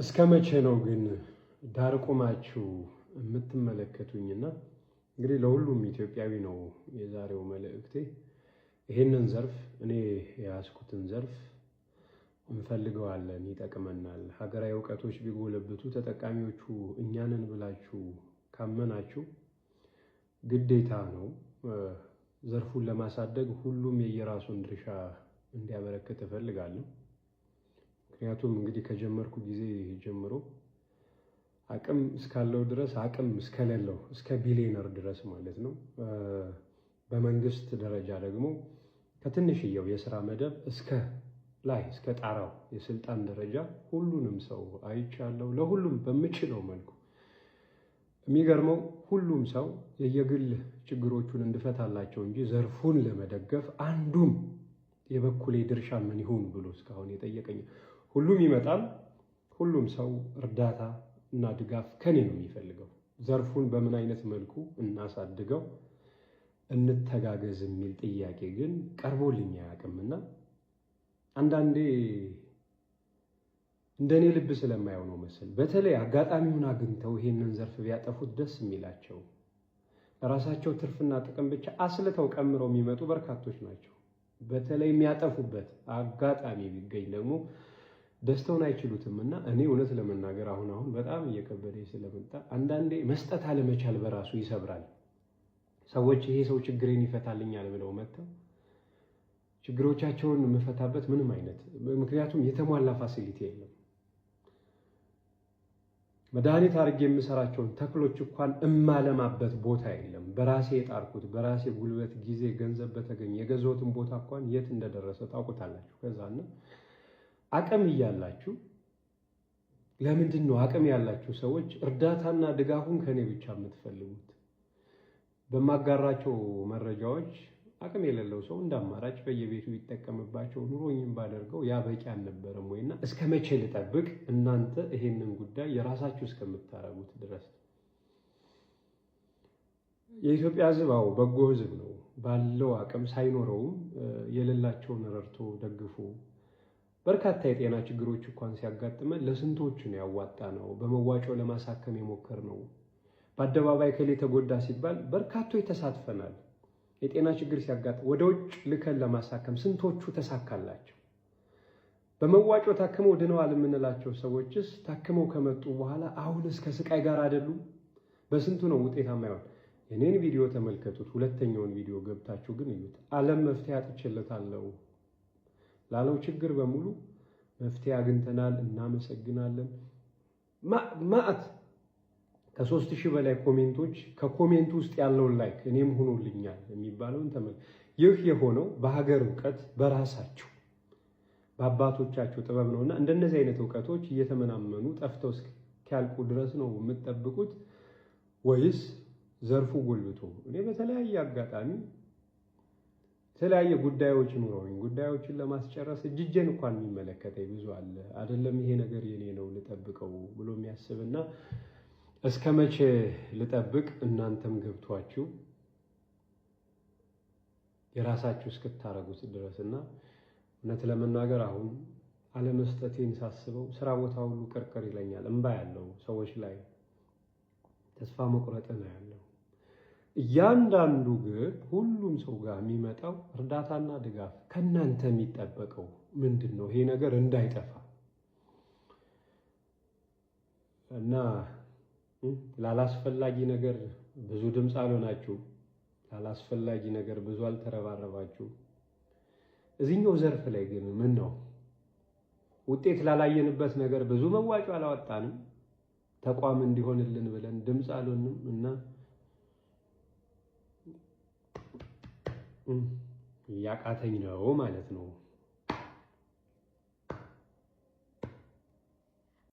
እስከ መቼ ነው ግን ዳር ቆማችሁ የምትመለከቱኝና? እንግዲህ ለሁሉም ኢትዮጵያዊ ነው የዛሬው መልእክቴ። ይህንን ዘርፍ እኔ የያዝኩትን ዘርፍ እንፈልገዋለን፣ ይጠቅመናል፣ ሀገራዊ እውቀቶች ቢጎለብቱ ተጠቃሚዎቹ እኛንን ብላችሁ ካመናችሁ ግዴታ ነው ዘርፉን ለማሳደግ ሁሉም የየራሱን ድርሻ እንዲያበረክት እፈልጋለሁ። ምክንያቱም እንግዲህ ከጀመርኩ ጊዜ ጀምሮ አቅም እስካለው ድረስ አቅም እስከሌለው እስከ ቢሊዮነር ድረስ ማለት ነው። በመንግስት ደረጃ ደግሞ ከትንሽየው የስራ መደብ እስከ ላይ እስከ ጣራው የስልጣን ደረጃ ሁሉንም ሰው አይቻለው። ለሁሉም በምችለው መልኩ የሚገርመው ሁሉም ሰው የየግል ችግሮቹን እንድፈታላቸው እንጂ ዘርፉን ለመደገፍ አንዱም የበኩሌ ድርሻ ምን ይሁን ብሎ እስካሁን የጠየቀኝ ሁሉም ይመጣል። ሁሉም ሰው እርዳታ እና ድጋፍ ከኔ ነው የሚፈልገው። ዘርፉን በምን አይነት መልኩ እናሳድገው፣ እንተጋገዝ የሚል ጥያቄ ግን ቀርቦልኝ አያውቅምና አንዳንዴ እንደኔ ልብ ስለማየው ነው መሰል በተለይ አጋጣሚውን አግኝተው ይሄንን ዘርፍ ቢያጠፉት ደስ የሚላቸው ለራሳቸው ትርፍና ጥቅም ብቻ አስልተው ቀምረው የሚመጡ በርካቶች ናቸው። በተለይ የሚያጠፉበት አጋጣሚ ቢገኝ ደግሞ ደስተውን አይችሉትም። እና እኔ እውነት ለመናገር አሁን አሁን በጣም እየከበደ ስለመጣ አንዳንዴ መስጠት አለመቻል በራሱ ይሰብራል። ሰዎች ይሄ ሰው ችግሬን ይፈታልኛል ብለው መጥተው ችግሮቻቸውን የምፈታበት ምንም አይነት ምክንያቱም የተሟላ ፋሲሊቲ የለም። መድኃኒት አድርጌ የምሰራቸውን ተክሎች እንኳን እማለማበት ቦታ የለም። በራሴ የጣርኩት በራሴ ጉልበት፣ ጊዜ፣ ገንዘብ በተገኘ የገዛሁትን ቦታ እንኳን የት እንደደረሰ ታውቁታላችሁ። ከዛና አቅም እያላችሁ ለምንድን ነው አቅም ያላችሁ ሰዎች እርዳታና ድጋፉን ከኔ ብቻ የምትፈልጉት? በማጋራቸው መረጃዎች አቅም የሌለው ሰው እንደ አማራጭ በየቤቱ ቢጠቀምባቸው ኑሮኝም ባደርገው ያ በቂ አልነበረም ወይና እስከ መቼ ልጠብቅ? እናንተ ይሄንን ጉዳይ የራሳችሁ እስከምታረጉት ድረስ የኢትዮጵያ ሕዝብ አዎ በጎ ሕዝብ ነው። ባለው አቅም ሳይኖረውም የሌላቸውን ረድቶ ደግፎ በርካታ የጤና ችግሮች እንኳን ሲያጋጥመን ለስንቶቹ ነው ያዋጣ ነው በመዋጮ ለማሳከም የሞከር ነው። በአደባባይ ከሌ ተጎዳ ሲባል በርካቶች ተሳትፈናል። የጤና ችግር ሲያጋጥም ወደ ውጭ ልከን ለማሳከም ስንቶቹ ተሳካላቸው? በመዋጮ ታክመው ድነዋል የምንላቸው ሰዎችስ ታክመው ከመጡ በኋላ አሁንስ ከስቃይ ጋር አይደሉም? በስንቱ ነው ውጤታማ ይሆን? እኔን ቪዲዮ ተመልከቱት፣ ሁለተኛውን ቪዲዮ ገብታችሁ ግን እዩት። ዓለም መፍትሄ አጥቼለታለሁ ላለው ችግር በሙሉ መፍትሄ አግኝተናል። እናመሰግናለን። ማዕት ከሶስት ሺህ በላይ ኮሜንቶች ከኮሜንት ውስጥ ያለውን ላይክ እኔም ሆኖልኛል የሚባለውን ተመ ይህ የሆነው በሀገር እውቀት በራሳቸው በአባቶቻቸው ጥበብ ነውና እንደነዚህ አይነት እውቀቶች እየተመናመኑ ጠፍተው እስኪያልቁ ድረስ ነው የምትጠብቁት ወይስ ዘርፉ ጎልብቶ እኔ በተለያየ አጋጣሚ የተለያየ ጉዳዮች ኑረውኝ ጉዳዮችን ለማስጨረስ እጅጄን እንኳን የሚመለከተኝ ብዙ አለ። አይደለም ይሄ ነገር የኔ ነው ልጠብቀው ብሎ የሚያስብና እስከ መቼ ልጠብቅ እናንተም ገብቷችሁ የራሳችሁ እስክታረጉት ድረስና እውነት ለመናገር አሁን አለመስጠቴን ሳስበው ስራ ቦታ ሁሉ ቅርቅር ይለኛል። እንባ ያለው ሰዎች ላይ ተስፋ ነው ያለው እያንዳንዱ ግን ሁሉም ሰው ጋር የሚመጣው እርዳታና ድጋፍ ከእናንተ የሚጠበቀው ምንድን ነው? ይሄ ነገር እንዳይጠፋ እና ላላስፈላጊ ነገር ብዙ ድምፅ አልሆናችሁ፣ ላላስፈላጊ ነገር ብዙ አልተረባረባችሁ። እዚህኛው ዘርፍ ላይ ግን ምን ነው ውጤት ላላየንበት ነገር ብዙ መዋጮ አላወጣንም። ተቋም እንዲሆንልን ብለን ድምፅ አልሆንም እና ያቃተኝ ነው ማለት ነው።